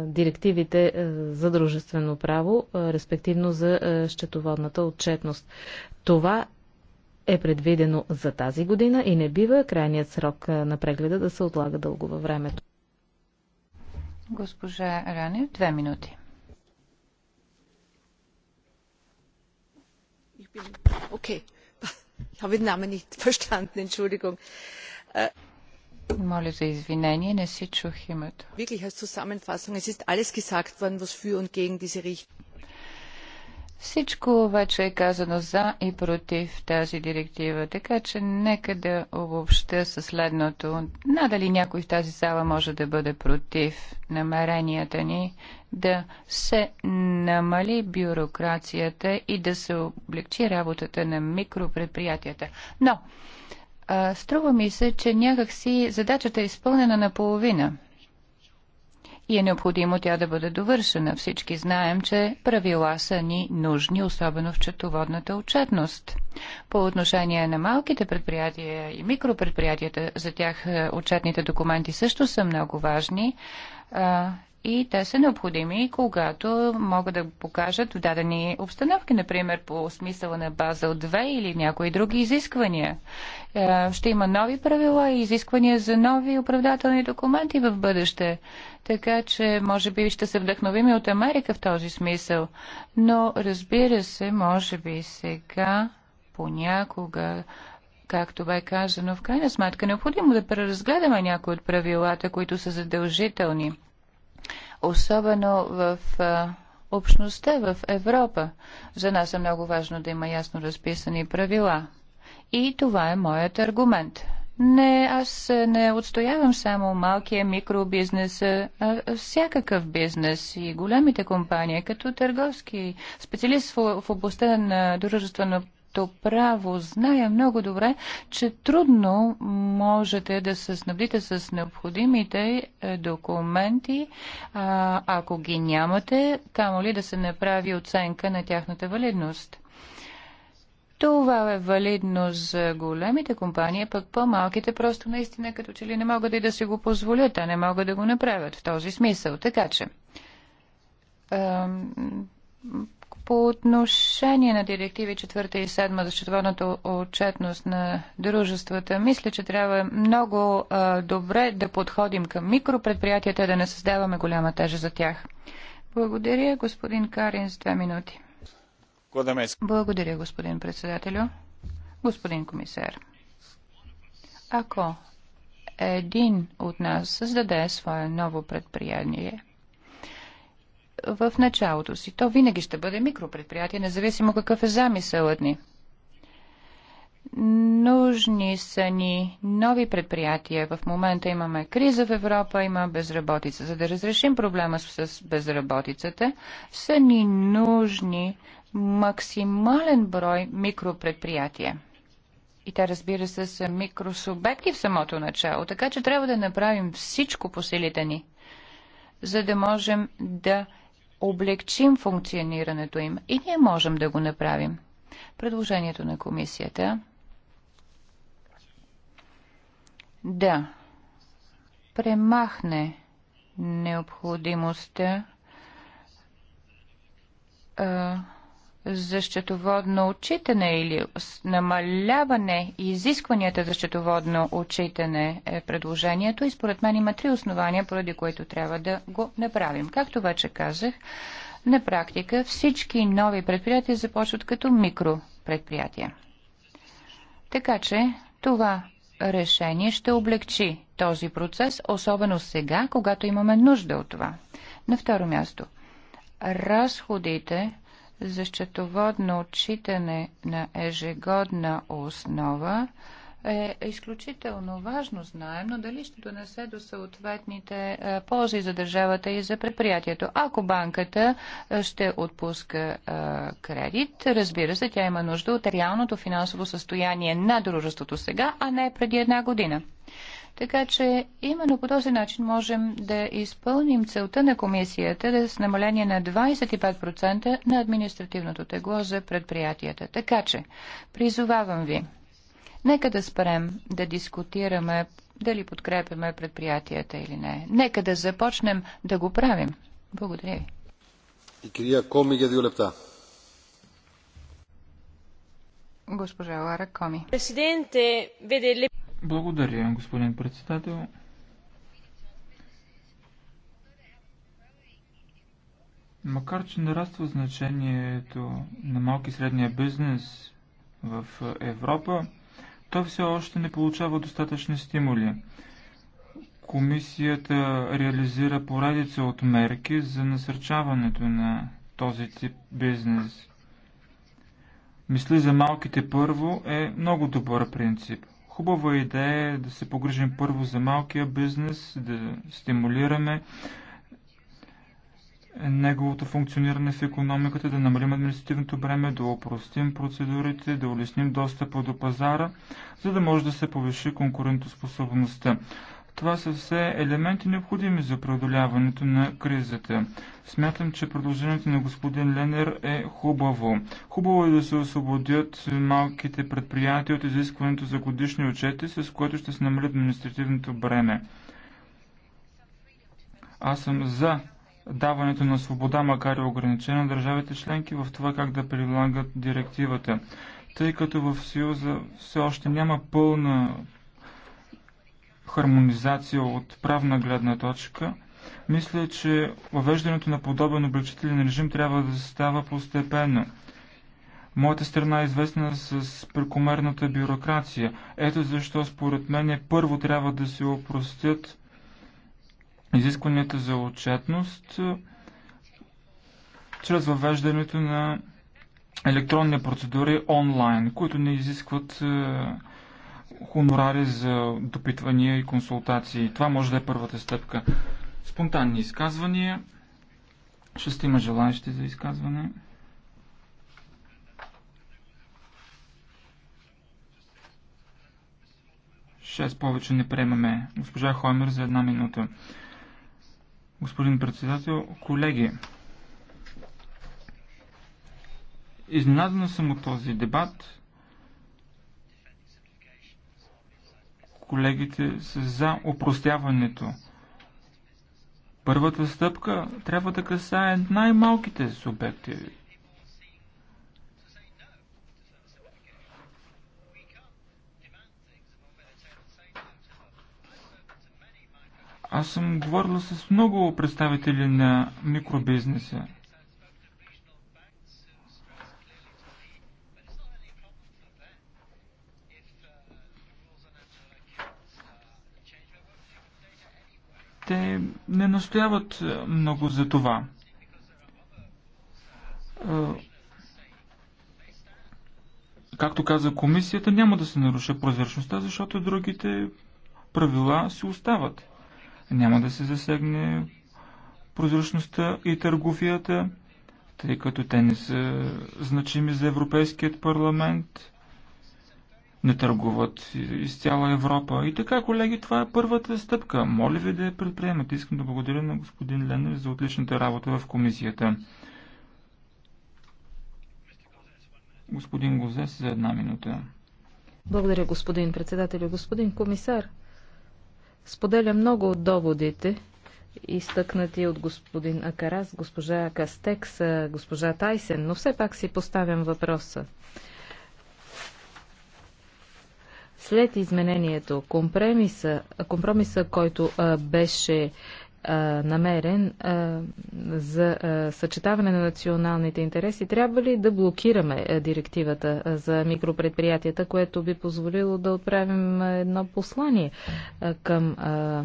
директивите за дружествено право, респективно за счетоводната отчетност. Това е предвидено за тази година и не бива крайният срок на прегледа да се отлага дълго във времето. Госпожа Ране, две минути. Okay. [laughs] Ich habe den Namen nicht verstanden, Entschuldigung. Е, моля за извинение, не си чух името. Всичко вече е казано за и против тази директива, така че нека да обобща със следното. Надали някой в тази зала може да бъде против намеренията ни да се намали бюрокрацията и да се облегчи работата на микропредприятията. Но а, струва ми се, че някакси задачата е изпълнена наполовина и е необходимо тя да бъде довършена. Всички знаем, че правила са ни нужни, особено в четоводната отчетност. По отношение на малките предприятия и микропредприятията, за тях е, отчетните документи също са много важни и те са необходими, когато могат да покажат в дадени обстановки, например по смисъла на база от 2 или някои други изисквания. Е, ще има нови правила и изисквания за нови оправдателни документи в бъдеще. Така че, може би, ще се вдъхновим и от Америка в този смисъл. Но, разбира се, може би сега, понякога, както бе казано, в крайна сметка е необходимо да преразгледаме някои от правилата, които са задължителни особено в общността в Европа. За нас е много важно да има ясно разписани правила. И това е моят аргумент. Не, аз не отстоявам само малкия микробизнес, а всякакъв бизнес и големите компании, като търговски специалист в областта на дружествено авторското право. Зная много добре, че трудно можете да се снабдите с необходимите е, документи, а, ако ги нямате, камо ли да се направи оценка на тяхната валидност. Това е валидно за големите компании, пък по-малките просто наистина като че ли не могат и да си го позволят, а не могат да го направят в този смисъл. Така че, по отношение на директиви 4 и 7 за четвърната отчетност на дружествата, мисля, че трябва много а, добре да подходим към микропредприятията, да не създаваме голяма тежа за тях. Благодаря, господин Карин, с две минути. Благодаря, господин председателю. Господин комисар, ако един от нас създаде свое ново предприятие, в началото си. То винаги ще бъде микропредприятие, независимо какъв е замисълът ни. Нужни са ни нови предприятия. В момента имаме криза в Европа, има безработица. За да разрешим проблема с безработицата, са ни нужни максимален брой микропредприятия. И те, разбира се, са микросубекти в самото начало, така че трябва да направим всичко по силите ни, за да можем да облегчим функционирането им и ние можем да го направим. Предложението на комисията да премахне необходимостта а, за счетоводно отчитане или намаляване изискванията за счетоводно отчитане е предложението и според мен има три основания, поради които трябва да го направим. Както вече казах, на практика всички нови предприятия започват като микропредприятия. Така че това решение ще облегчи този процес, особено сега, когато имаме нужда от това. На второ място, разходите за счетоводно отчитане на ежегодна основа е изключително важно, знаем, но дали ще донесе до съответните е, ползи за държавата и за предприятието. Ако банката е, ще отпуска е, кредит, разбира се, тя има нужда от реалното финансово състояние на дружеството сега, а не преди една година. Така че именно по този начин можем да изпълним целта на комисията да с намаление на 25% на административното тегло за предприятията. Така че призовавам ви, нека да спрем да дискутираме дали подкрепяме предприятията или не. Нека да започнем да го правим. Благодаря ви. И кирия Коми ги лепта. Госпожа Лара Коми. Президенте, веде благодаря, господин председател. Макар, че нараства значението на малки и средния бизнес в Европа, то все още не получава достатъчни стимули. Комисията реализира поредица от мерки за насърчаването на този тип бизнес. Мисли за малките първо е много добър принцип. Хубава идея е да се погрижим първо за малкия бизнес, да стимулираме неговото функциониране в економиката, да намалим административното бреме, да опростим процедурите, да улесним достъпа до пазара, за да може да се повиши конкурентоспособността. Това са все елементи необходими за преодоляването на кризата. Смятам, че продължението на господин Ленер е хубаво. Хубаво е да се освободят малките предприятия от изискването за годишни отчети, с което ще се намали административното бреме. Аз съм за даването на свобода, макар и ограничена, на държавите членки в това как да прилагат директивата. Тъй като в Съюза все още няма пълна хармонизация от правна гледна точка, мисля, че въвеждането на подобен обличителен режим трябва да се става постепенно. Моята страна е известна с прекомерната бюрокрация. Ето защо според мен първо трябва да се опростят изискванията за отчетност чрез въвеждането на електронни процедури онлайн, които не изискват е, хонорари за допитвания и консултации. Това може да е първата стъпка. Спонтанни изказвания. Ще има желаящи за изказване. Шест повече не приемаме. Госпожа Хоймер за една минута. Господин председател, колеги, изненадана съм от този дебат. Колегите са за упростяването. Първата стъпка трябва да касае най-малките субекти. Аз съм говорил с много представители на микробизнеса. Те не настояват е, много за това. Е, както каза комисията, няма да се наруша прозрачността, защото другите правила си остават. Няма да се засегне прозрачността и търговията, тъй като те не са значими за Европейският парламент не търгуват из цяла Европа. И така, колеги, това е първата стъпка. Моля ви да я предприемете. Искам да благодаря на господин Ленер за отличната работа в комисията. Господин Гозес за една минута. Благодаря, господин председател. Господин комисар, споделя много от доводите, изтъкнати от господин Акарас, госпожа Кастекс, госпожа Тайсен, но все пак си поставям въпроса. След изменението, компромиса, компромиса който а, беше а, намерен а, за а, съчетаване на националните интереси, трябва ли да блокираме а, директивата а, за микропредприятията, което би позволило да отправим а, едно послание а, към. А,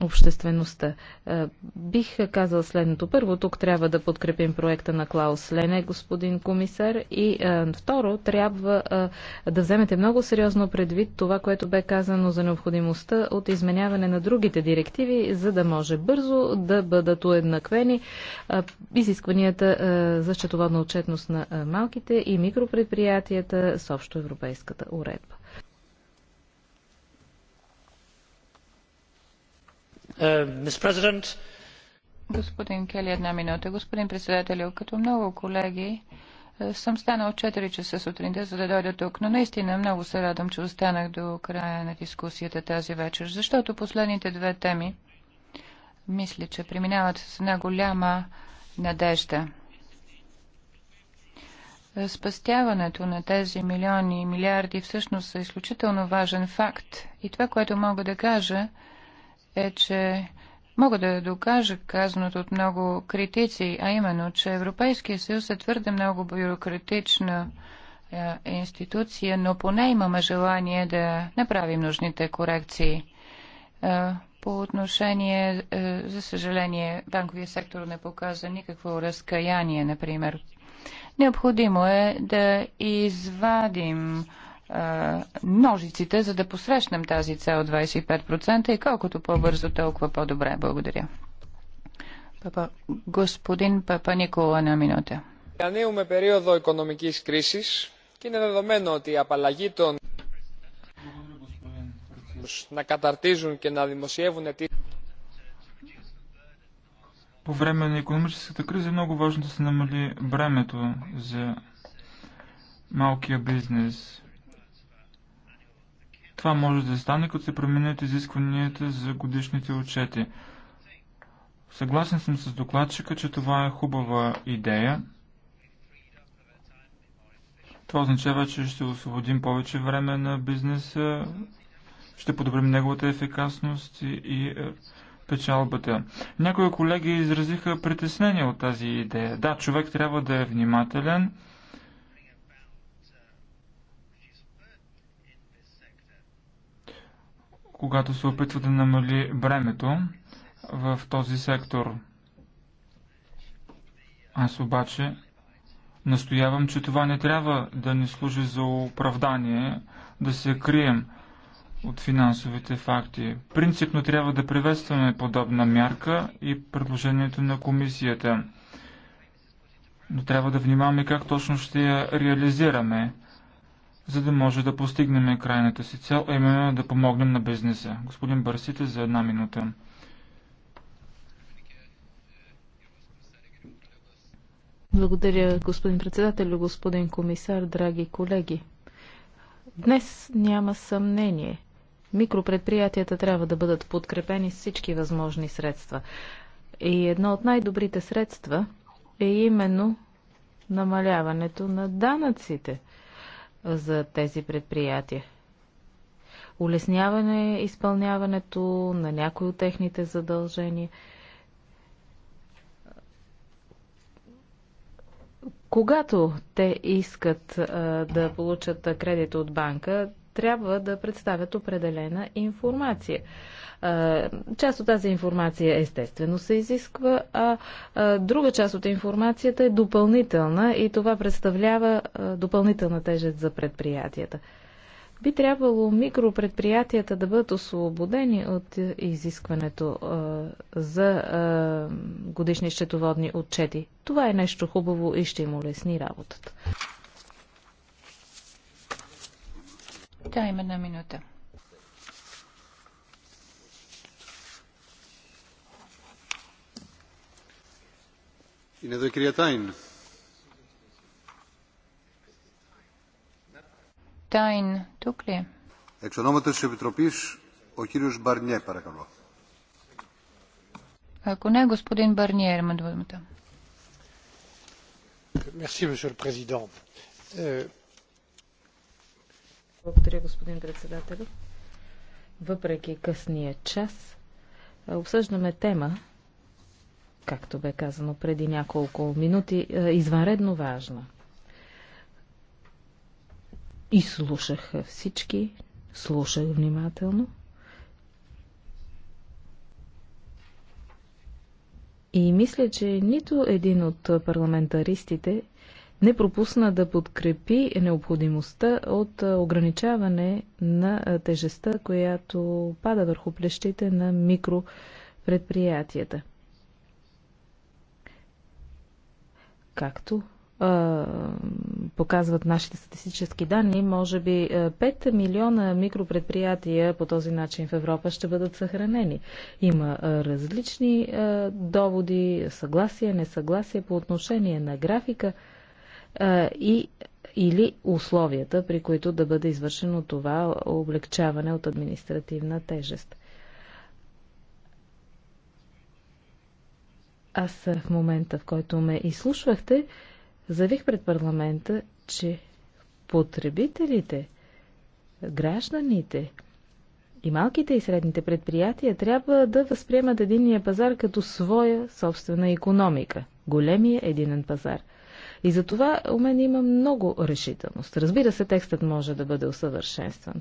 обществеността. Е, бих казал следното. Първо, тук трябва да подкрепим проекта на Клаус Лене, господин комисар. И е, второ, трябва е, да вземете много сериозно предвид това, което бе казано за необходимостта от изменяване на другите директиви, за да може бързо да бъдат уеднаквени изискванията за счетоводна отчетност на малките и микропредприятията с общо европейската уредба. Uh, Господин Кели, една минута. Господин председател, като много колеги, е, съм станал 4 часа сутринта, за да дойда тук, но наистина много се радвам, че останах до края на дискусията тази вечер, защото последните две теми мисля, че преминават с една голяма надежда. Спастяването на тези милиони и милиарди всъщност е изключително важен факт. И това, което мога да кажа, е, е, че мога да докажа казаното от много критици, а именно, че Европейския съюз е твърде много бюрократична е, институция, но поне имаме желание да направим нужните корекции. Е, по отношение, е, за съжаление, банковия сектор не показа никакво разкаяние, например. Необходимо е да извадим ножиците, за да посрещнем тази цел 25% и колкото по-бързо, толкова по-добре. Благодаря. Папа, господин Папа Никола на минута. Ανοίγουμε περίοδο οικονομικής κρίσης και είναι δεδομένο ότι η απαλλαγή των να καταρτίζουν και να δημοσιεύουν По време на економическата криза е много важно да се намали бремето за малкия бизнес това може да стане, като се променят изискванията за годишните отчети. Съгласен съм с докладчика, че това е хубава идея. Това означава, че ще освободим повече време на бизнеса, ще подобрим неговата ефикасност и е, печалбата. Някои колеги изразиха притеснение от тази идея. Да, човек трябва да е внимателен, когато се опитва да намали бремето в този сектор. Аз обаче настоявам, че това не трябва да ни служи за оправдание, да се крием от финансовите факти. Принципно трябва да приветстваме подобна мярка и предложението на комисията. Но трябва да внимаваме как точно ще я реализираме за да може да постигнем крайната си цел, именно да помогнем на бизнеса. Господин Барсите за една минута. Благодаря, господин председател, господин комисар, драги колеги. Днес няма съмнение. Микропредприятията трябва да бъдат подкрепени с всички възможни средства. И едно от най-добрите средства е именно намаляването на данъците – за тези предприятия. Улесняване изпълняването на някои от техните задължения. Когато те искат а, да получат кредит от банка, трябва да представят определена информация. Част от тази информация естествено се изисква, а друга част от информацията е допълнителна и това представлява допълнителна тежест за предприятията. Би трябвало микропредприятията да бъдат освободени от изискването за годишни счетоводни отчети. Това е нещо хубаво и ще им улесни работата. Тя има една минута. Είναι εδώ η κυρία Τάιν. Τάιν, тук ли? Εξ ονόματος της Επιτροπής, ο κύριος Μπαρνιέ, παρακαλώ. Ако не, господин Барниер има думата. Merci, monsieur le président. Благодаря, Въпреки късния час, обсъждаме тема, както бе казано преди няколко минути, е, извънредно важна. И слушах всички, слушах внимателно. И мисля, че нито един от парламентаристите не пропусна да подкрепи необходимостта от е, ограничаване на е, тежестта, която пада върху плещите на микропредприятията. Както показват нашите статистически данни, може би 5 милиона микропредприятия по този начин в Европа ще бъдат съхранени. Има различни доводи, съгласие, несъгласие по отношение на графика и или условията, при които да бъде извършено това облегчаване от административна тежест. Аз е, в момента, в който ме изслушвахте, завих пред парламента, че потребителите, гражданите и малките и средните предприятия трябва да възприемат единния пазар като своя собствена економика, големия единен пазар. И за това у мен има много решителност. Разбира се, текстът може да бъде усъвършенстван.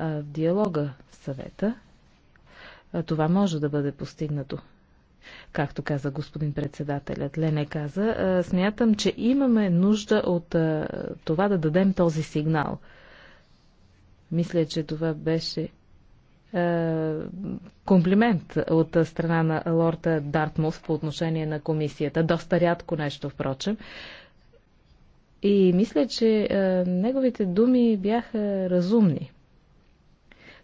В диалога съвета това може да бъде постигнато както каза господин председателят. Лене каза, смятам, че имаме нужда от това да дадем този сигнал. Мисля, че това беше комплимент от страна на лорда Дартмус по отношение на комисията. Доста рядко нещо, впрочем. И мисля, че неговите думи бяха разумни.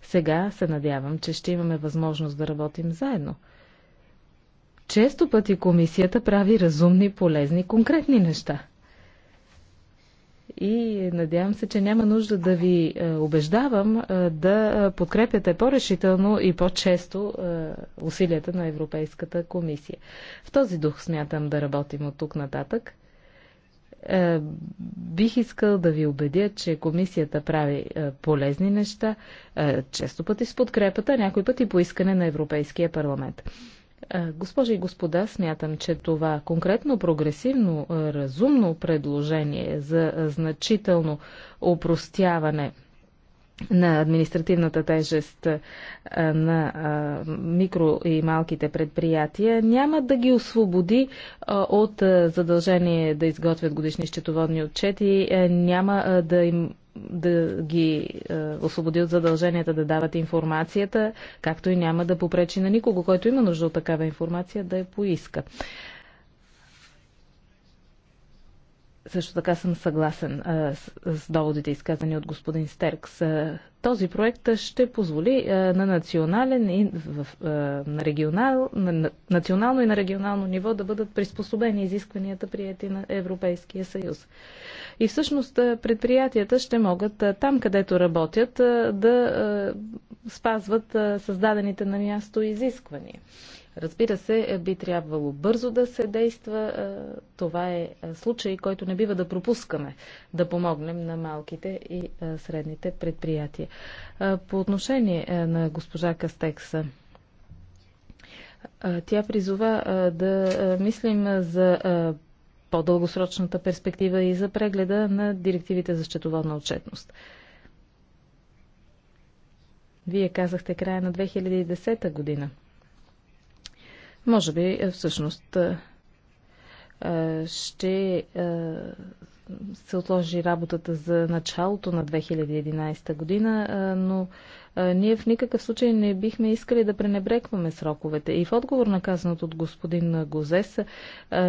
Сега се надявам, че ще имаме възможност да работим заедно – често пъти комисията прави разумни, полезни, конкретни неща. И е, надявам се, че няма нужда да ви е, убеждавам е, да подкрепяте по-решително и по-често усилията на Европейската комисия. В този дух смятам да работим от тук нататък бих искал да ви убедя, че комисията прави полезни неща, често пъти с подкрепата, някой път и по искане на Европейския парламент. Е, госпожи и господа, смятам, че това конкретно прогресивно, е, разумно предложение за значително упростяване на административната тежест е, на микро и малките предприятия няма да ги освободи от задължение да изготвят годишни счетоводни отчети, няма да им да ги е, освободи от задълженията да дават информацията, както и няма да попречи на никого, който има нужда от такава информация, да я поиска. Също така съм съгласен а, с, с доводите, изказани от господин Стеркс. А, този проект ще позволи а, на национален и в, а, на регионал, на, на, национално и на регионално ниво да бъдат приспособени изискванията, прияти на Европейския съюз. И всъщност предприятията ще могат а, там, където работят, а, да а, спазват а, създадените на място изисквания. Разбира се, би трябвало бързо да се действа. Е, това е, е случай, който не бива да пропускаме да помогнем на малките и е, средните предприятия. По отношение на госпожа Кастекса, тя призова да мислим за по-дългосрочната перспектива и за прегледа на директивите за счетоводна отчетност. Вие казахте края на 2010 година. Може би е, всъщност е, е, ще се отложи работата за началото на 2011 година, но ние в никакъв случай не бихме искали да пренебрегваме сроковете. И в отговор на казаното от господин Гозес,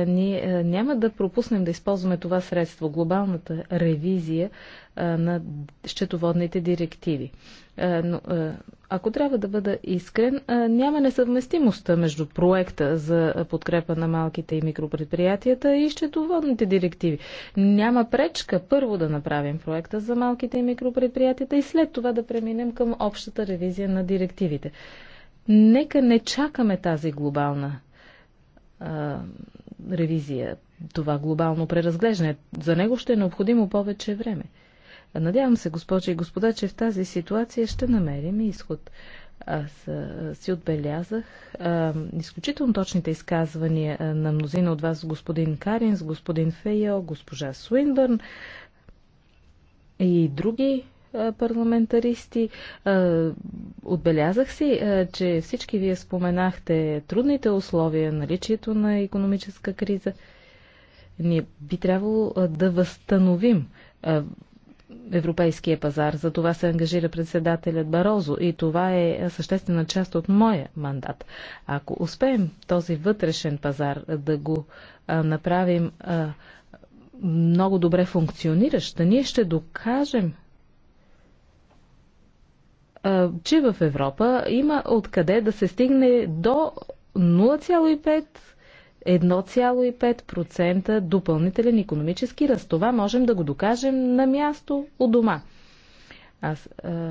ние няма да пропуснем да използваме това средство, глобалната ревизия на счетоводните директиви. Е, но, е, ако трябва да бъда искрен, е, няма несъвместимост между проекта за подкрепа на малките и микропредприятията и счетоводните директиви. Няма пречка първо да направим проекта за малките и микропредприятията и след това да преминем към общата ревизия на директивите. Нека не чакаме тази глобална а, ревизия, това глобално преразглеждане. За него ще е необходимо повече време. Надявам се, госпожи и господа, че в тази ситуация ще намерим изход. Аз си отбелязах а, изключително точните изказвания на мнозина от вас, господин Каринс, господин Фейо, госпожа Суинбърн и други парламентаристи. Отбелязах си, че всички вие споменахте трудните условия, наличието на економическа криза. Ние би трябвало да възстановим европейския пазар. За това се ангажира председателят Барозо и това е съществена част от моя мандат. Ако успеем този вътрешен пазар да го а, направим а, много добре функциониращ, да ние ще докажем а, че в Европа има откъде да се стигне до 0,5 1,5% допълнителен економически ръст. Това можем да го докажем на място у дома. Аз а,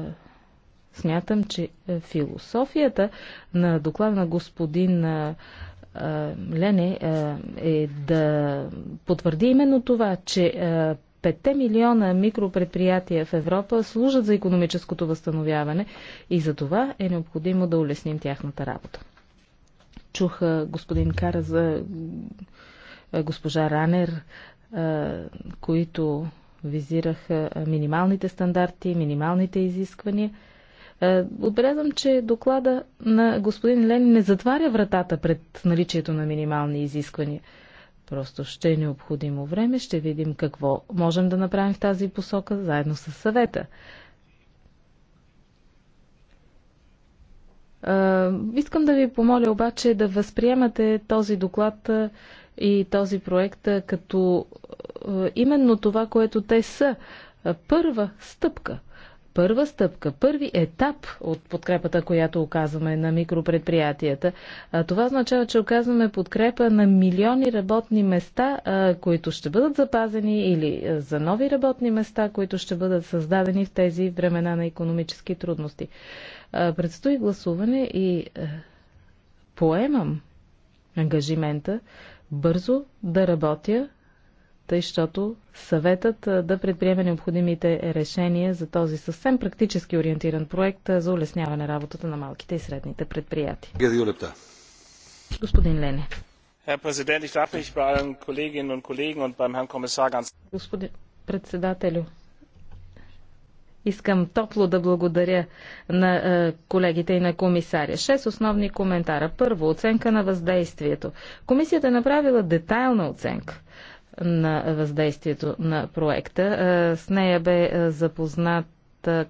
смятам, че философията на доклада на господин а, Лене а, е да потвърди именно това, че а, 5 милиона микропредприятия в Европа служат за економическото възстановяване и за това е необходимо да улесним тяхната работа чуха господин Кара за е, госпожа Ранер, е, които визираха минималните стандарти, минималните изисквания. Е, отбелязвам, че доклада на господин Ленин не затваря вратата пред наличието на минимални изисквания. Просто ще е необходимо време, ще видим какво можем да направим в тази посока заедно с съвета. Искам да ви помоля обаче да възприемате този доклад и този проект като именно това, което те са. Първа стъпка. Първа стъпка, първи етап от подкрепата, която оказваме на микропредприятията. Това означава, че оказваме подкрепа на милиони работни места, които ще бъдат запазени или за нови работни места, които ще бъдат създадени в тези времена на економически трудности. Предстои гласуване и поемам ангажимента бързо да работя, тъй, защото съветът да предприеме необходимите решения за този съвсем практически ориентиран проект за улесняване работата на малките и средните предприятия. Господин Лене. Господин председателю, Искам топло да благодаря на е, колегите и на комисаря. Шест основни коментара. Първо, оценка на въздействието. Комисията е направила детайлна оценка на въздействието на проекта. Е, с нея бе е, запознат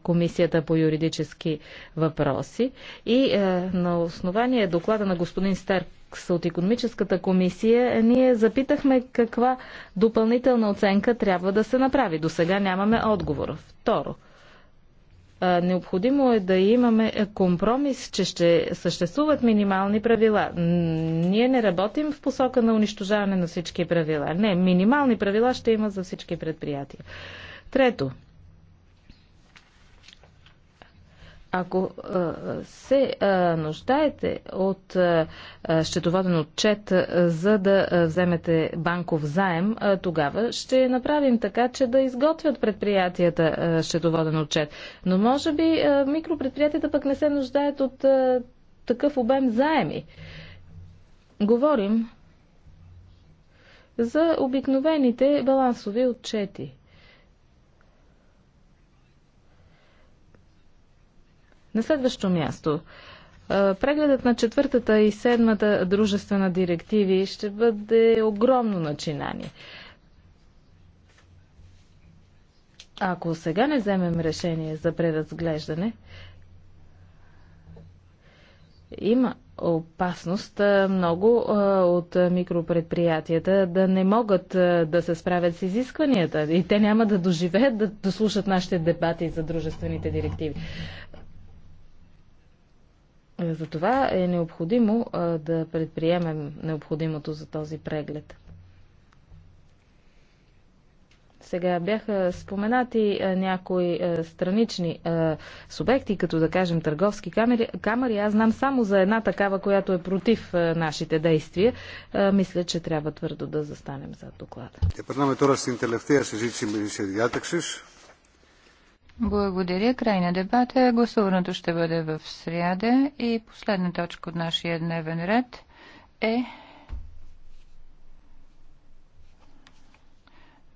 Комисията по юридически въпроси и на основание доклада на господин Стеркс от економическата комисия ние запитахме каква допълнителна оценка трябва да се направи. До сега нямаме отговор. Второ, Необходимо е да имаме компромис, че ще съществуват минимални правила. Ние не работим в посока на унищожаване на всички правила. Не, минимални правила ще има за всички предприятия. Трето, Ако се нуждаете от щетоводен отчет, за да вземете банков заем, тогава ще направим така, че да изготвят предприятията щетоводен отчет. Но може би микропредприятията пък не се нуждаят от такъв обем заеми. Говорим за обикновените балансови отчети. На следващо място, прегледът на четвъртата и седмата дружествена директиви ще бъде огромно начинание. Ако сега не вземем решение за преразглеждане, има опасност много от микропредприятията да не могат да се справят с изискванията и те няма да доживеят да слушат нашите дебати за дружествените директиви. Е, Затова е необходимо да предприемем необходимото за този преглед. Сега бяха споменати някои странични субекти, като да кажем търговски камери. камери. Аз знам само за една такава, която е против нашите действия. мисля, че трябва твърдо да застанем за доклада. Е, благодаря. Край на дебата. Гласуването ще бъде в сряда и последна точка от нашия дневен ред е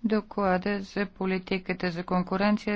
доклада за политиката за конкуренция